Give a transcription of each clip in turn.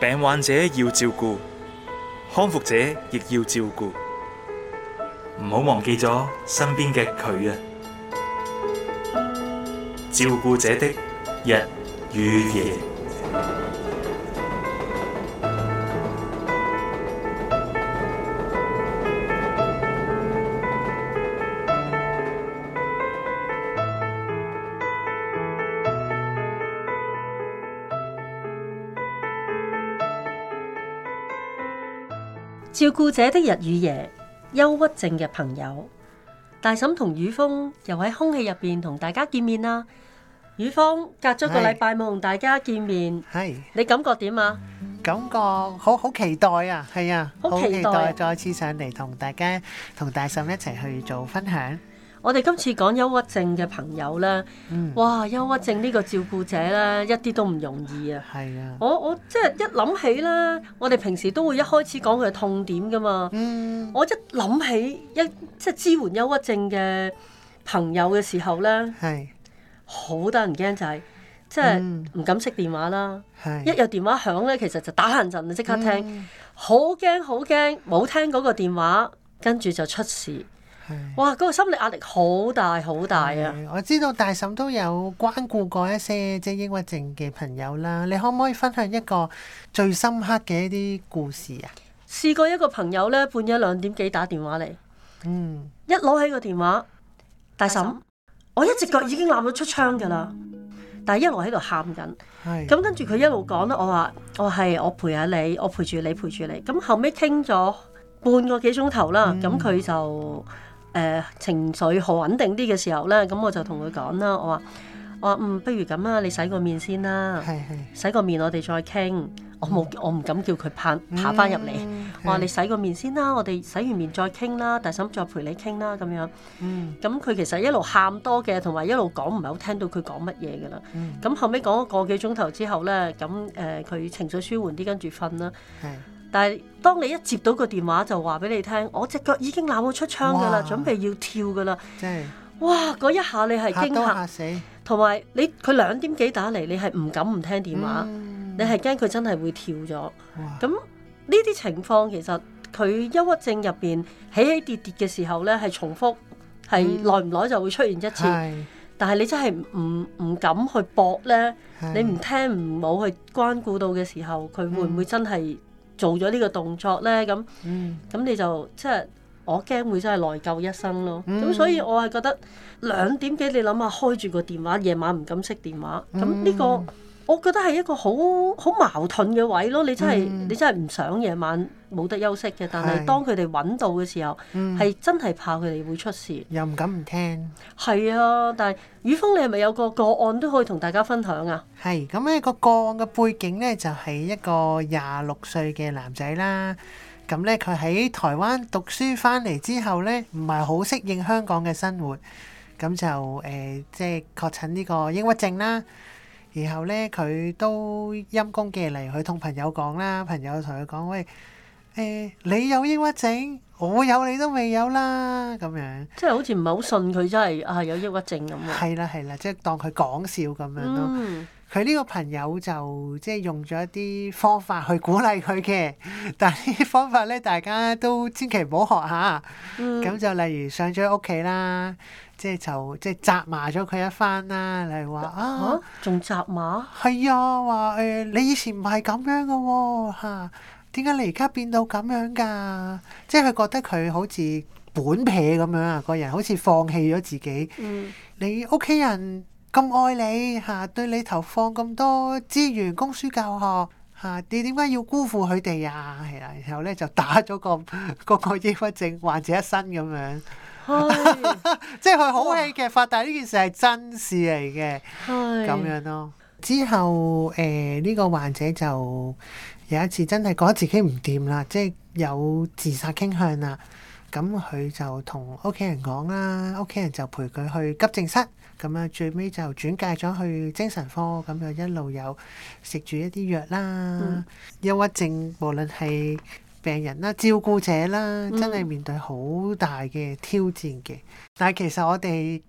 病患者要照顧，康復者亦要照顧，唔好忘記咗身邊嘅佢啊！照顧者的日與夜。故者的日與夜，憂鬱症嘅朋友，大嬸同雨峰又喺空氣入邊同大家見面啦。雨峰隔咗個禮拜冇同大家見面，係你感覺點啊？感覺好好期待啊！係啊，好期待再次上嚟同大家同大嬸一齊去做分享。我哋今次講憂鬱症嘅朋友咧，嗯、哇！憂鬱症呢個照顧者咧，一啲都唔容易啊！係啊是的！我我即係一諗起啦，我哋平時都會一開始講佢嘅痛點㗎嘛。嗯。我一諗起一即係支援憂鬱症嘅朋友嘅時候咧，係是的 好得人驚就係、是嗯、即係唔敢熄電話啦。係。是的 一有電話響咧，其實就打乞人憎啦，即刻聽，嗯嗯、好驚好驚，冇聽嗰個電話，跟住就出事。哇！嗰、那個心理壓力好大，好大啊！我知道大嬸都有關顧過一些即係抑鬱症嘅朋友啦。你可唔可以分享一個最深刻嘅一啲故事啊？試過一個朋友呢，半夜兩點幾打電話嚟，嗯，一攞起個電話，大嬸，大嬸我一隻腳已經攬到出窗㗎啦，嗯、但係一路喺度喊緊，係咁、嗯、跟住佢一路講啦、嗯，我話我係我陪下你，我陪住你，陪住你。咁後尾傾咗半個幾鐘頭啦，咁佢就，嗯誒、呃、情緒好穩定啲嘅時候咧，咁、嗯、我就同佢講啦，我話我話嗯，不如咁啊，你洗個面先啦，是是洗個面我哋再傾是是。我冇我唔敢叫佢攀爬返入嚟，是是我話你洗個面先啦，我哋洗完面再傾啦，大嬸再陪你傾啦，咁樣。咁、嗯、佢、嗯、其實一路喊多嘅，同埋一路講唔係好聽到佢講乜嘢噶啦。咁、嗯嗯、後尾講咗個幾鐘頭之後咧，咁誒佢情緒舒緩啲，跟住瞓啦。是是但係，當你一接到個電話就話俾你聽，我隻腳已經攬到出窗噶啦，準備要跳噶啦。哇！嗰一下你係驚吓死，同埋你佢兩點幾打嚟，你係唔敢唔聽電話，你係驚佢真係會跳咗。咁呢啲情況其實佢憂鬱症入邊起起跌跌嘅時候呢，係重複，係耐唔耐就會出現一次。但係你真係唔唔敢去搏呢，你唔聽唔好去關顧到嘅時候，佢會唔會真係？做咗呢個動作呢，咁咁、嗯、你就即係、就是、我驚會真係內疚一生咯。咁、嗯、所以我係覺得兩點幾你諗下開住個電話，夜晚唔敢熄電話，咁呢、這個。嗯我覺得係一個好好矛盾嘅位咯，你真係、嗯、你真係唔想夜晚冇得休息嘅，但係當佢哋揾到嘅時候，係、嗯、真係怕佢哋會出事，又唔敢唔聽。係啊，但係宇峰，你係咪有個個案都可以同大家分享啊？係，咁呢個個案嘅背景呢，就係、是、一個廿六歲嘅男仔啦。咁呢，佢喺台灣讀書翻嚟之後呢，唔係好適應香港嘅生活，咁就誒即係確診呢個抑鬱症啦。然後咧，佢都陰公嘅嚟，佢同朋友講啦，朋友同佢講：喂，誒，你有抑鬱症，我有你都未有啦，咁樣。即係好似唔係好信佢真係啊有抑鬱症咁啊。係啦係啦，即係當佢講笑咁樣咯。佢呢、嗯、個朋友就即係用咗一啲方法去鼓勵佢嘅，但係呢啲方法咧，大家都千祈唔好學下。咁就例如上咗屋企啦。即係就即係責罵咗佢一番啦，例如話啊，仲責罵？係啊，話誒，欸，你以前唔係咁樣噶喎嚇，點解你而家變到咁樣噶？即係佢覺得佢好似本撇咁樣啊，個人好似放棄咗自己。嗯，你屋企人咁愛你嚇，對你投放咁多資源，供書教學嚇，你點解要辜負佢哋呀？係啊，然後咧就打咗個、個個個抑鬱症患者一身咁樣。 即係佢好戲劇化，但呢哇件事係真事嚟嘅，咁是樣咯、啊。之後，誒、呃、呢、這個患者就有一次真係覺得自己唔掂啦，即、就、係、是、有自殺傾向啦。咁佢就同屋企人講啦，屋企人就陪佢去急症室。咁啊，最尾就轉介咗去精神科，咁就一路有食住一啲藥啦。嗯、憂鬱症無論係病人啦，照顧者啦，真係面對好大嘅挑戰嘅。嗯、但係其實我哋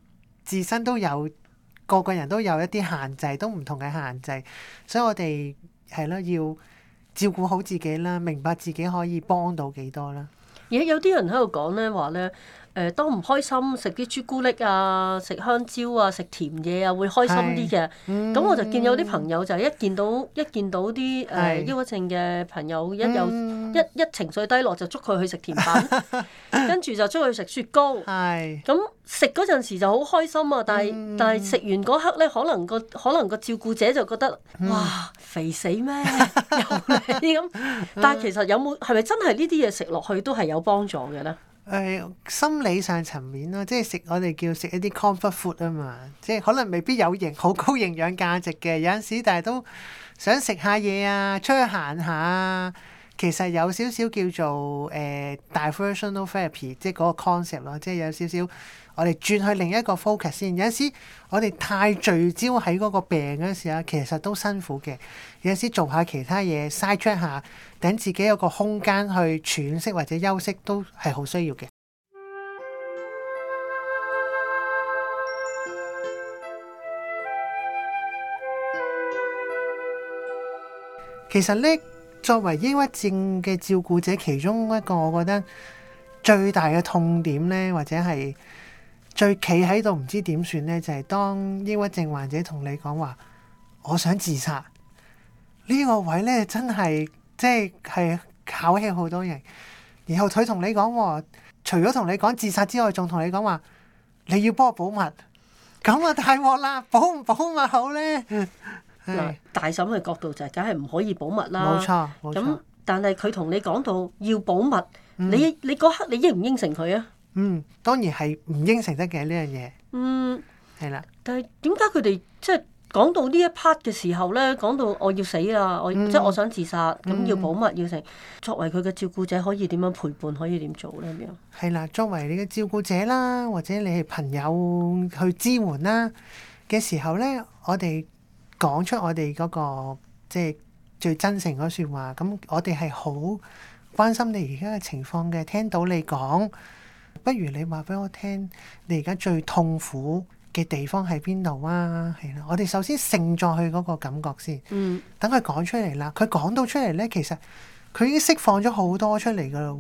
自身都有，個個人都有一啲限制，都唔同嘅限制。所以我哋係咯，要照顧好自己啦，明白自己可以幫到幾多啦。而家有啲人喺度講咧，話咧。誒都唔開心，食啲朱古力啊，食香蕉啊，食甜嘢啊，會開心啲嘅。咁、嗯、我就見有啲朋友就一見到一見到啲誒抑鬱症嘅朋友一有、嗯、一一情緒低落，就捉佢去食甜品， 跟住就捉佢去食雪糕。係 是。咁食嗰陣時就好開心啊！但係、嗯、但係食完嗰刻咧，可能個可能個照顧者就覺得、嗯、哇肥死咩？啲咁。 但係其實有冇係咪真係呢啲嘢食落去都係有幫助嘅咧？誒、哎、心理上層面咯，即係食我哋叫食一啲 comfort food 啊嘛，即係可能未必有營好高營養價值嘅，有陣時但係都想食下嘢啊，出去行下啊，其實有少少叫做誒、哎、diversional therapy，即係嗰個 concept 咯，即係有少少。我哋轉去另一個 focus 先，有陣時我哋太聚焦喺嗰個病嗰陣時啊，其實都辛苦嘅。有陣時做下其他嘢，side track 下，等自己有個空間去喘息或者休息，都係好需要嘅。其實呢，作為抑鬱症嘅照顧者，其中一個我覺得最大嘅痛點呢，或者係。最企喺度唔知點算呢，就係、是、當抑鬱症患者同你講話，我想自殺。呢、這個位呢，真係即係考起好多人。然後佢同你講，除咗同你講自殺之外，仲同你講話，你要幫我保密。咁啊大鑊啦，保唔保密好呢？ 嗱，大嬸嘅角度就係、是，梗係唔可以保密啦。冇錯，咁但係佢同你講到要保密，嗯、你你嗰刻你應唔應承佢啊？嗯，當然係唔應承得嘅呢樣嘢。嗯，係啦。但係點解佢哋即係講到呢一 part 嘅時候咧，講到我要死啦，嗯、我即係我想自殺，咁、嗯、要保密要成，作為佢嘅照顧者可以點樣陪伴，可以點做咧咁樣？係啦，作為你嘅照顧者啦，或者你係朋友去支援啦嘅時候咧，我哋講出我哋嗰個即係最真誠嘅説話。咁我哋係好關心你而家嘅情況嘅，聽到你講。不如你話俾我聽，你而家最痛苦嘅地方喺邊度啊？係啦，我哋首先盛在佢嗰個感覺先，嗯，等佢講出嚟啦。佢講到出嚟咧，其實佢已經釋放咗好多出嚟噶啦，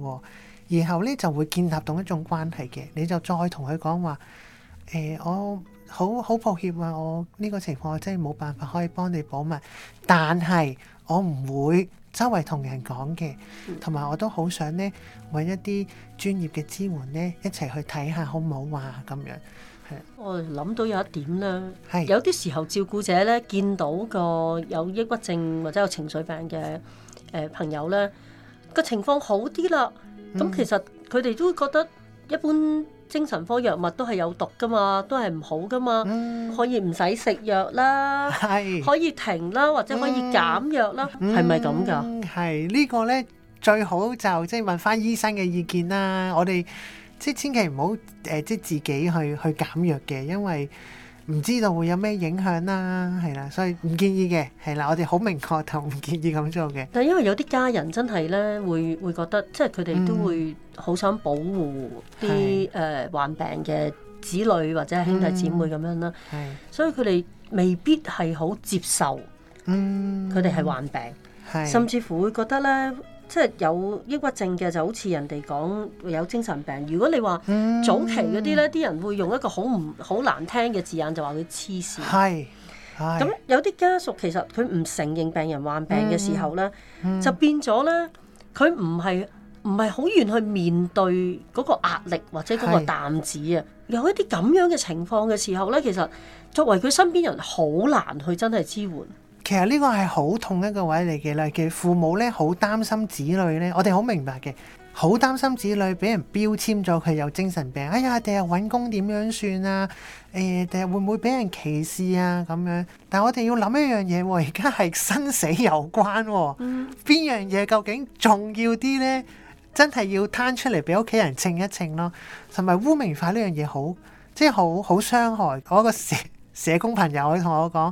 然後咧就會建立同一種關係嘅。你就再同佢講話，誒、欸，我好好抱歉啊，我呢個情況我真係冇辦法可以幫你保密，但係我唔會。周圍同人講嘅，同埋我都好想咧搵一啲專業嘅支援咧，一齊去睇下好唔好話咁樣。我諗到有一點啦，是有啲時候照顧者咧見到個有抑鬱症或者有情緒病嘅誒、呃、朋友咧，個情況好啲啦，咁、嗯、其實佢哋都會覺得一般。精神科藥物都係有毒㗎嘛，都係唔好㗎嘛，嗯、可以唔使食藥啦，是可以停啦，或者可以減藥啦，係咪噉㗎？係、這個、呢個咧最好就即係問返醫生嘅意見啦。我哋即係千祈唔好誒，即係、呃、自己去去減藥嘅，因為。唔知道會有咩影響啦、啊，係啦，所以唔建議嘅，係啦，我哋好明確同唔建議咁做嘅。但係因為有啲家人真係咧，會會覺得，即係佢哋都會好想保護啲誒、嗯呃、患病嘅子女或者兄弟姊妹咁樣啦，係、嗯，所以佢哋未必係好接受，嗯，佢哋係患病，嗯、甚至乎會覺得咧。即係有抑鬱症嘅，就好似人哋講有精神病。如果你話早期嗰啲呢，啲、嗯、人會用一個好唔好難聽嘅字眼就，就話佢黐線。係，咁有啲家屬其實佢唔承認病人患病嘅時候呢，嗯嗯、就變咗呢，佢唔係唔係好願去面對嗰個壓力或者嗰個擔子啊。是有一啲咁樣嘅情況嘅時候呢，其實作為佢身邊人，好難去真係支援。其實呢個係好痛一個位嚟嘅啦，其實父母咧好擔心子女咧，我哋好明白嘅，好擔心子女俾人標籤咗佢有精神病，哎呀，第日搵工點樣算啊？誒，第日會唔會俾人歧視啊？咁樣，但係我哋要諗一樣嘢，而家係生死有關，邊樣嘢究竟重要啲咧？真係要攤出嚟俾屋企人稱一稱咯，同埋污名化呢樣嘢好，即係好好傷害。我一個社社工朋友同我講。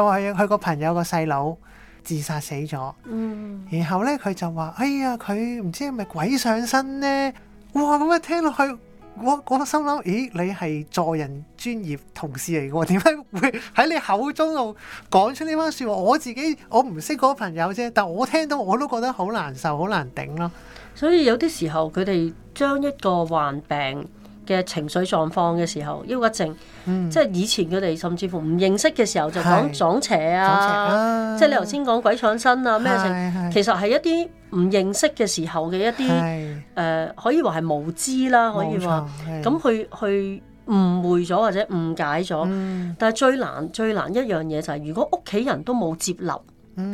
佢話佢個朋友個細佬自殺死咗，嗯、然後咧佢就話：哎呀，佢唔知係咪鬼上身咧？哇！咁樣聽落去，我我心諗：咦，你係助人專業同事嚟嘅喎？點解會喺你口中度講出呢番說話？我自己我唔識嗰個朋友啫，但我聽到我都覺得好難受，好難頂咯、啊。所以有啲時候佢哋將一個患病。嘅情緒狀況嘅時候，抑鬱症，嗯、即係以前佢哋甚至乎唔認識嘅時候就講是撞邪啊！啊即係你頭先講鬼闖身啊，咩剩是，是其實係一啲唔認識嘅時候嘅一啲誒是、呃，可以話係無知啦，可以話咁去去誤會咗或者誤解咗。嗯、但係最難最難一樣嘢就係，如果屋企人都冇接納。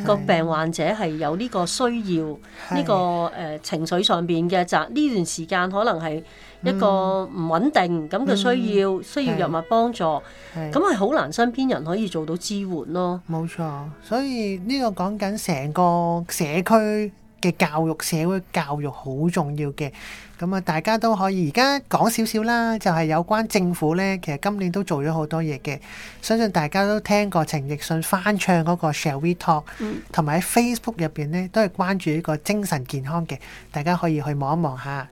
個、嗯、病患者係有呢個需要，呢是個誒情緒上邊嘅責，呢是段時間可能係一個唔穩定，咁嘅需要、嗯、需要藥物幫助，咁係好難身邊人可以做到支援咯。冇錯，所以呢個講緊成個社區。嘅教育，社會教育好重要嘅，咁啊大家都可以而家講少少啦，就係有關政府呢，其實今年都做咗好多嘢嘅，相信大家都聽過陳奕迅翻唱嗰個 Shall We Talk，同埋喺 Facebook 入邊呢，都係關注呢個精神健康嘅，大家可以去望一望下。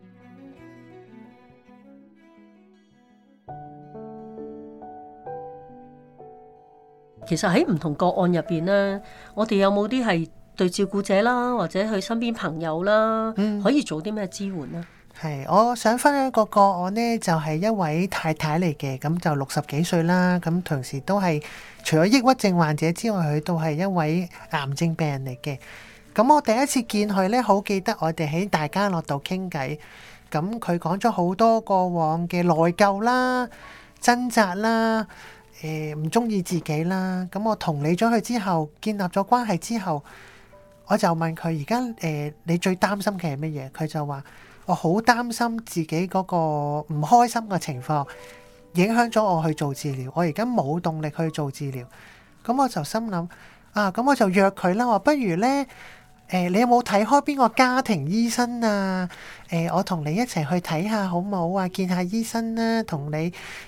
其實喺唔同個案入邊呢，我哋有冇啲係？對照顧者啦，或者佢身邊朋友啦，嗯、可以做啲咩支援咧？係，我想分享一個個案呢就係、是、一位太太嚟嘅，咁就六十幾歲啦，咁同時都係除咗抑鬱症患者之外，佢都係一位癌症病人嚟嘅。咁我第一次見佢呢，好記得我哋喺大家樂度傾偈，咁佢講咗好多過往嘅內疚啦、掙扎啦、誒唔中意自己啦。咁我同理咗佢之後，建立咗關係之後。我就問佢：而家誒，你最擔心嘅係乜嘢？佢就話：我好擔心自己嗰個唔開心嘅情況，影響咗我去做治療。我而家冇動力去做治療。咁我就心諗啊，咁我就約佢啦。話不如咧，誒、呃，你有冇睇開邊個家庭醫生啊？誒、呃，我同你一齊去睇下好唔好啊，見下醫生啦、啊，同你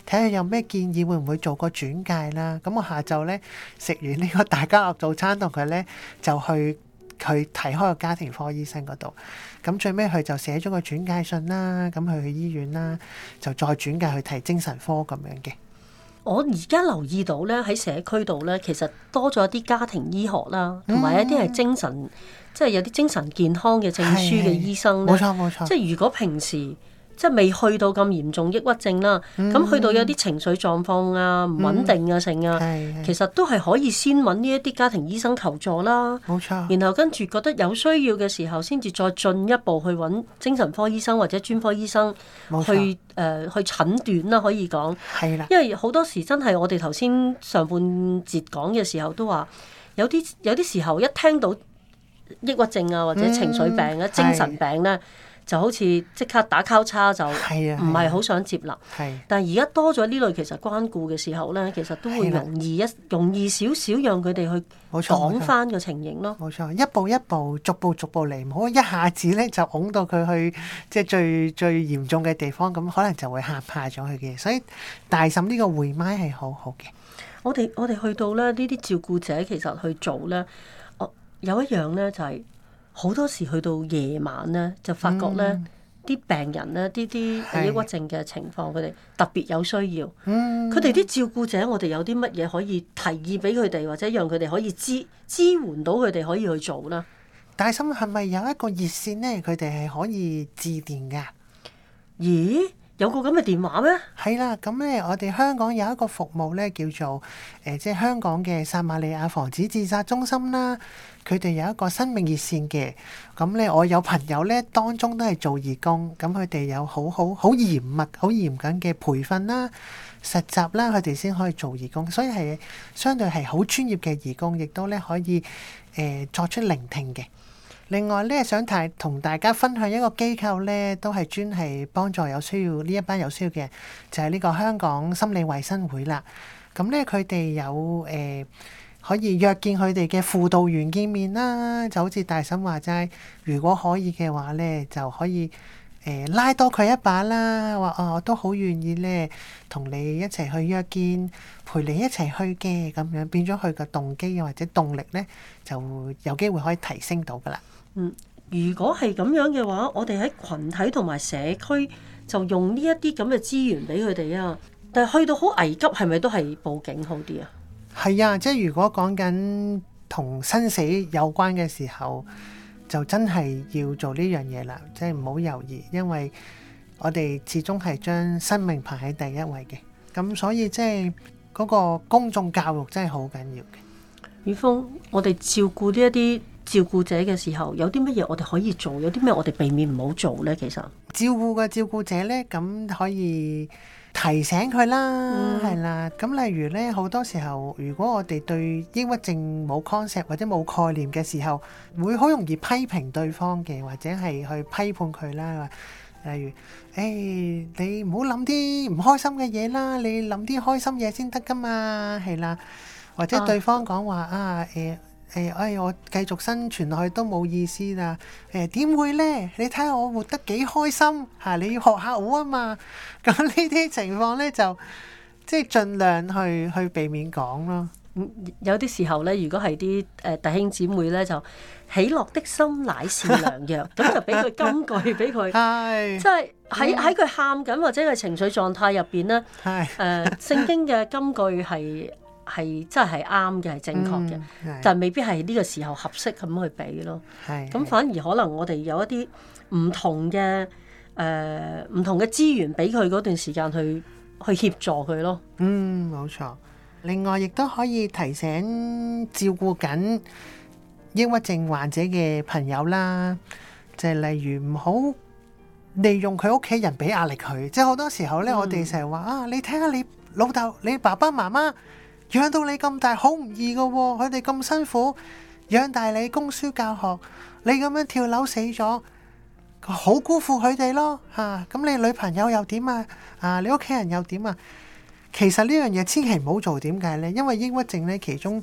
睇下有咩建議，會唔會做個轉介啦、啊？咁我下晝咧食完呢個大家樂早餐，同佢咧就去。佢睇開個家庭科醫生嗰度，咁最尾佢就寫咗個轉介信啦，咁佢去醫院啦，就再轉介去睇精神科咁樣嘅。我而家留意到咧，喺社區度咧，其實多咗一啲家庭醫學啦，同埋一啲係精神，嗯、即係有啲精神健康嘅證書嘅醫生咧。冇錯冇錯，錯即係如果平時。即係未去到咁嚴重抑鬱症啦，咁、嗯、去到有啲情緒狀況啊、唔穩定啊、成啊、嗯，是是是其實都係可以先揾呢一啲家庭醫生求助啦。冇錯 然後跟住覺得有需要嘅時候，先至再進一步去揾精神科醫生或者專科醫生去誒冇錯、呃、去診斷啦、啊，可以講。係啦 因為好多時真係我哋頭先上半節講嘅時候都話，有啲有啲時候一聽到抑鬱症啊或者情緒病啊、嗯、精神，神病呢、啊。神就好似即刻打交叉就係啊，唔係好想接納，啊啊、但係而家多咗呢類其實關顧嘅時候咧，其實都會容易一容易少少讓佢哋去講返個情形咯。冇、啊啊啊、錯，一步一步逐步逐步嚟，唔好一下子咧就拱到佢去即係最最嚴重嘅地方，咁可能就會嚇怕咗佢嘅。所以大嬸呢個回麥係好好嘅。我哋我哋去到咧呢啲照顧者其實去做咧，我有一樣咧就係、是。好多時去到夜晚咧，就發覺咧啲、嗯、病人咧，啲啲抑鬱症嘅情況，佢哋特別有需要。嗯，佢哋啲照顧者，我哋有啲乜嘢可以提議俾佢哋，或者讓佢哋可以支支援到佢哋可以去做啦。大心係咪有一個熱線咧？佢哋係可以致電噶。咦？有個咁嘅電話咩？係啦，咁咧我哋香港有一個服務咧，叫做誒、呃，即係香港嘅撒瑪利亞防止自殺中心啦。佢哋有一個生命熱線嘅，咁、嗯、咧我有朋友咧當中都係做義工，咁佢哋有好好好嚴密、好嚴謹嘅培訓啦、實習啦，佢哋先可以做義工，所以係相對係好專業嘅義工，亦都咧可以誒、呃、作出聆聽嘅。另外咧，想提同大家分享一個機構咧，都係專係幫助有需要呢一班有需要嘅人，就係、是、呢個香港心理衛生會啦。咁咧，佢哋有誒、呃、可以約見佢哋嘅輔導員見面啦。就好似大嬸話齋，如果可以嘅話咧，就可以誒、呃、拉多佢一把啦。話哦，我都好願意咧，同你一齊去約見，陪你一齊去嘅咁樣，變咗佢個動機又或者動力咧，就有機會可以提升到噶啦。嗯，如果係咁樣嘅話，我哋喺群體同埋社區就用呢一啲咁嘅資源俾佢哋啊。但係去到好危急，係咪都係報警好啲啊？係啊，即係如果講緊同生死有關嘅時候，就真係要做呢樣嘢啦，即係唔好猶豫，因為我哋始終係將生命排喺第一位嘅。咁所以即係嗰個公眾教育真係好緊要嘅。雨峰，我哋照顧呢一啲。照顧者嘅時候有啲乜嘢我哋可以做，有啲咩我哋避免唔好做呢？其實照顧嘅照顧者呢，咁可以提醒佢啦，係、嗯、啦。咁例如呢，好多時候如果我哋對抑鬱症冇 concept 或者冇概念嘅時候，會好容易批評對方嘅，或者係去批判佢啦。例如，誒、哎、你唔好諗啲唔開心嘅嘢啦，你諗啲開心嘢先得噶嘛，係啦。或者對方講話啊，誒、啊。誒，哎，我繼續生存落去都冇意思啦。誒，點會咧？你睇下我活得幾開心吓，你要學下我啊嘛。咁呢啲情況咧，就即係盡量去去避免講咯。有啲時候咧，如果係啲誒弟兄姊妹咧，就喜樂的心乃是良藥，咁就俾佢金句俾佢，係，即係喺喺佢喊緊或者佢情緒狀態入邊咧，誒，聖經嘅金句係。係真係啱嘅，係正確嘅，嗯、但未必係呢個時候合適咁去俾咯。咁反而可能我哋有一啲唔同嘅，誒、唔、呃、同嘅資源俾佢嗰段時間去去協助佢咯。嗯，冇錯。另外，亦都可以提醒照顧緊抑鬱症患者嘅朋友啦，就係、是、例如唔好利用佢屋企人俾壓力佢。即係好多時候咧，嗯、我哋成日話啊，你睇下你老豆、你爸爸媽媽。養到你咁大好唔易噶，佢哋咁辛苦養大你，供書教學，你咁樣跳樓死咗，好辜負佢哋咯吓！咁你女朋友又點啊？啊，你屋企人又點啊？其實呢樣嘢千祈唔好做，點解呢？因為抑鬱症咧其中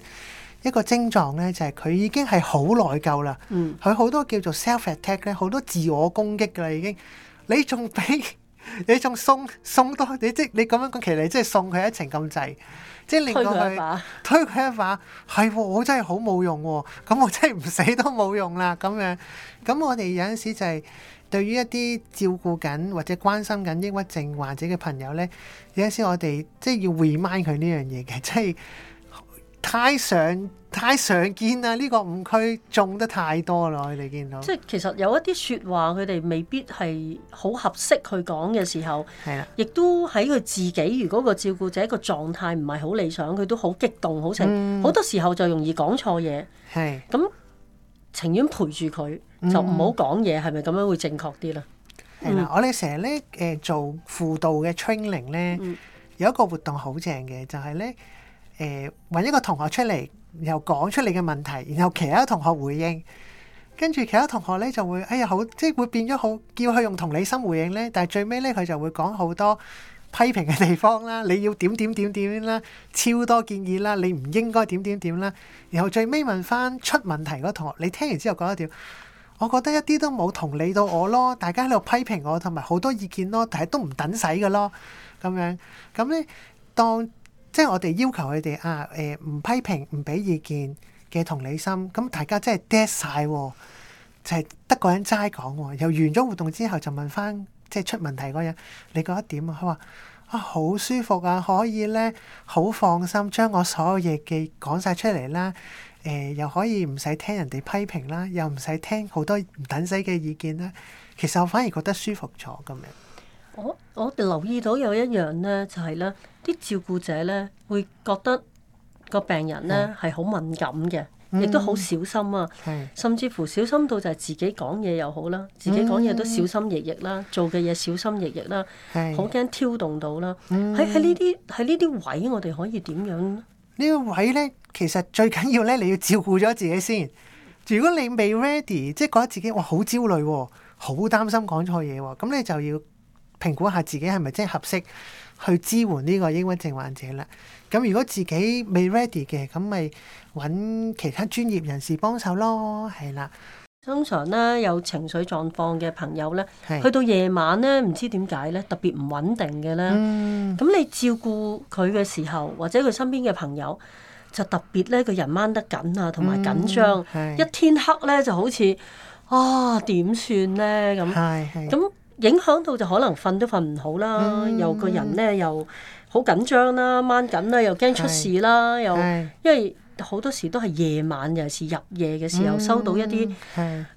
一個症狀咧就係佢已經係好內疚啦，嗯，佢好多叫做 self attack 咧，好多自我攻擊噶啦已經，你仲俾。你仲送送多你即係你咁樣講其你即係送佢一程咁滯，即係令到佢推佢一把，係、 喎、我真係好冇用、喎，咁我真係唔死都冇用啦咁樣。咁我哋有陣時就係對於一啲照顧緊或者關心緊抑鬱症患者嘅朋友咧，有陣時我哋即係要 remind 佢呢樣嘢嘅，即係。太常，太常見啦！呢個誤區中得太多啦，佢哋見到。即係其實有一啲説話，佢哋未必係好合適去講嘅時候，係啦，亦都喺佢自己。如果個照顧者個狀態唔係好理想，佢都好激動，好情好、嗯、多時候就容易講錯嘢。係咁，情願陪住佢就唔好講嘢，係咪咁樣會正確啲咧？係我哋成日咧誒做輔導嘅 training 咧，嗯、有一個活動好正嘅，就係咧。誒、呃、搵一個同學出嚟，然後講出你嘅問題，然後其他同學回應，跟住其他同學咧就會，哎呀好，即係會變咗好，叫佢用同理心回應咧。但係最尾咧佢就會講好多批評嘅地方啦，你要點點點點啦，超多建議啦，你唔應該點點點啦。然後最尾問翻出問題嗰個同學，你聽完之後覺得點？我覺得一啲都冇同理到我咯。大家喺度批評我同埋好多意見咯，但係都唔等使嘅咯，咁樣咁咧當。即係我哋要求佢哋啊，誒、呃、唔批評，唔俾意見嘅同理心，咁、嗯、大家真係晒曬，就係、是、得個人齋講。由完咗活動之後，就問翻即係出問題嗰人，你覺得點啊？佢話啊好舒服啊，可以咧好放心將我所有嘢嘅講晒出嚟啦。誒、呃、又可以唔使聽人哋批評啦，又唔使聽好多唔等使嘅意見啦。其實我反而覺得舒服咗咁樣。我我留意到有一樣呢，就係咧啲照顧者呢，會覺得個病人呢係好敏感嘅，亦都好小心啊，是甚至乎小心到就係自己講嘢又好啦，嗯、自己講嘢都小心翼翼啦，是做嘅嘢小心翼翼啦，好驚是挑動到啦。喺喺呢啲喺呢啲位，我哋可以點樣？呢個位呢，其實最緊要呢，你要照顧咗自己先。如果你未 ready，即係覺得自己哇好焦慮，好擔心講錯嘢，咁你就要。評估下自己係咪真係合適去支援呢個抑鬱症患者啦？咁如果自己未 ready 嘅，咁咪揾其他專業人士幫手咯，係啦。通常呢，有情緒狀況嘅朋友呢，是去到夜晚呢，唔知點解呢，特別唔穩定嘅呢。咁、嗯、你照顧佢嘅時候，或者佢身邊嘅朋友就特別呢，佢人掹得緊啊，同埋緊張。嗯、一天黑呢，就好似啊點算呢？咁，咁。影響到就可能瞓都瞓唔好啦，mm, 又個人咧又好緊張啦，掹緊啦，又驚出事啦，是又是因為好多時都係夜晚，尤其是入夜嘅時候收到一啲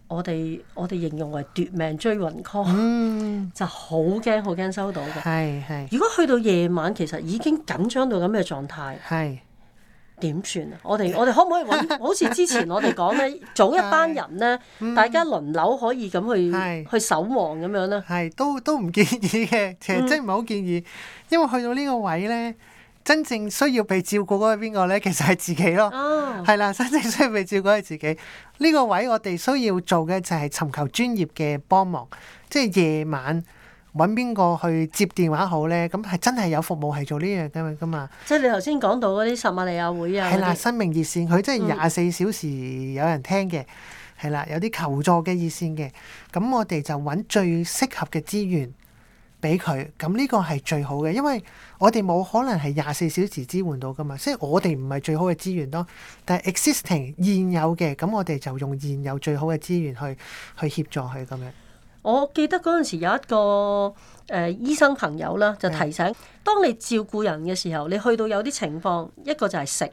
我哋我哋形容為奪命追魂 call、嗯， 就好驚好驚收到嘅。如果去到夜晚，其實已經緊張到咁嘅狀態。點算啊？我哋我哋可唔可以揾？好似之前我哋講咧， 早一班人咧，嗯、大家輪流可以咁去是去守望咁樣咧。係都都唔建議嘅，其實真唔係好建議，嗯、因為去到呢個位咧，真正需要被照顧嘅係邊個咧？其實係自己咯。係啦、啊，真正需要被照顧係自己。呢、呢個位我哋需要做嘅就係尋求專業嘅幫忙，即係夜晚。揾邊個去接電話好呢？咁係真係有服務係做呢樣嘅嘛？即係你頭先講到嗰啲十萬利亞會啊，係啦，生命熱線佢真係廿四小時有人聽嘅，係啦，有啲求助嘅熱線嘅。咁我哋就揾最適合嘅資源俾佢。咁呢個係最好嘅，因為我哋冇可能係廿四小時支援到噶嘛，所以我哋唔係最好嘅資源咯。但係 existing 現有嘅，咁我哋就用現有最好嘅資源去去協助佢咁樣。我記得嗰陣時有一個誒、呃、醫生朋友啦，就提醒：的當你照顧人嘅時候，你去到有啲情況，一個就係食，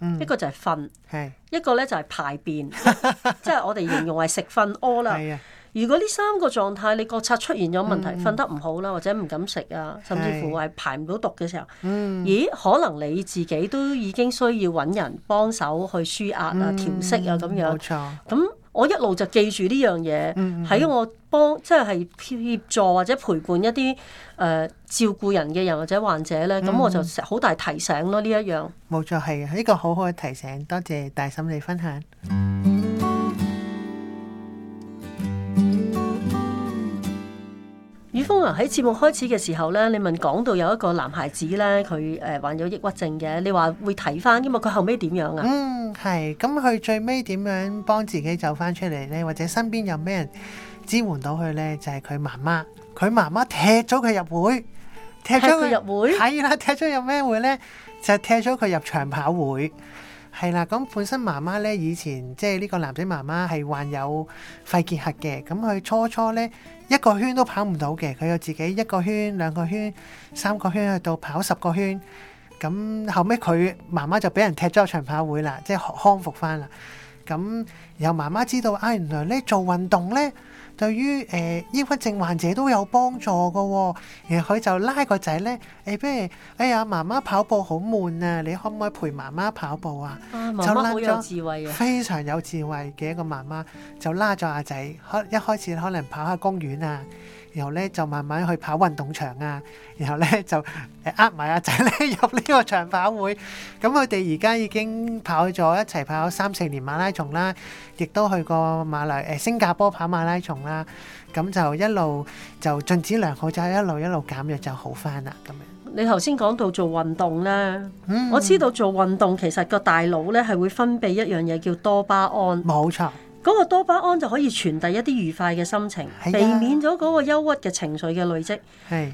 嗯、一個就係瞓，的一個咧就係排便。 即係我哋形容係食瞓屙啦。的如果呢三個狀態你覺察出現咗問題，瞓、嗯嗯、得唔好啦，或者唔敢食啊，甚至乎係排唔到毒嘅時候，嗯、咦？可能你自己都已經需要揾人幫手去舒壓啊、調息啊咁樣。冇、嗯、錯。咁。我一路就記住呢樣嘢，喺、嗯嗯嗯、我幫即係係協助或者陪伴一啲誒、呃、照顧人嘅人或者患者咧，咁、嗯嗯、我就好大提醒咯呢一樣。冇錯，係一個好好嘅提醒，多謝大嬸你分享。嗯雨峰啊，喺節目開始嘅時候呢，你問講到有一個男孩子呢，佢誒、呃、患有抑鬱症嘅，你話會睇翻噶嘛？佢後尾點樣啊？嗯，係。咁佢最尾點樣幫自己走返出嚟呢？或者身邊有咩人支援到佢呢？就係佢媽媽，佢媽媽踢咗佢入會，踢咗佢入會，係啦，踢咗入咩會呢？就踢咗佢入長跑會。係啦，咁本身媽媽呢，以前即係呢個男仔媽媽係患有肺結核嘅，咁佢初初呢，一個圈都跑唔到嘅，佢由自己一個圈、兩個圈、三個圈去到跑十個圈，咁後尾，佢媽媽就俾人踢咗去長跑會啦，即係康復翻啦，咁然後媽媽知道啊，原來呢做運動呢。對於誒抑鬱症患者都有幫助嘅。哦，然後佢就拉個仔咧誒，不如哎呀媽媽跑步好悶啊，你可唔可以陪媽媽跑步啊？啊媽媽就拉咗好有智慧非常有智慧嘅一個媽媽，就拉咗阿仔，開一開始可能跑下公園啊。然後咧就慢慢去跑運動場啊，然後咧就呃埋阿仔咧入呢個長跑會，咁佢哋而家已經跑咗一齊跑三四年馬拉松啦，亦都去過馬來誒新加坡跑馬拉松啦，咁就一路就進展良好，就一路一路減藥就好翻啦咁樣。你頭先講到做運動呢，嗯、我知道做運動其實個大腦呢係會分泌一樣嘢叫多巴胺，冇錯。嗰個多巴胺就可以傳遞一啲愉快嘅心情，避免咗嗰個憂鬱嘅情緒嘅累積。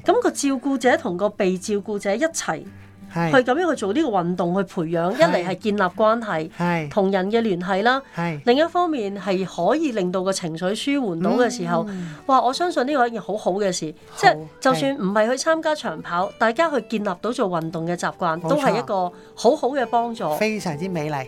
咁個照顧者同個被照顧者一齊去咁樣去做呢個運動，去培養。一嚟係建立關係，同人嘅聯繫啦。另一方面係可以令到個情緒舒緩到嘅時候，哇！我相信呢個係一件好好嘅事。即係就算唔係去參加長跑，大家去建立到做運動嘅習慣，都係一個好好嘅幫助，非常之美麗。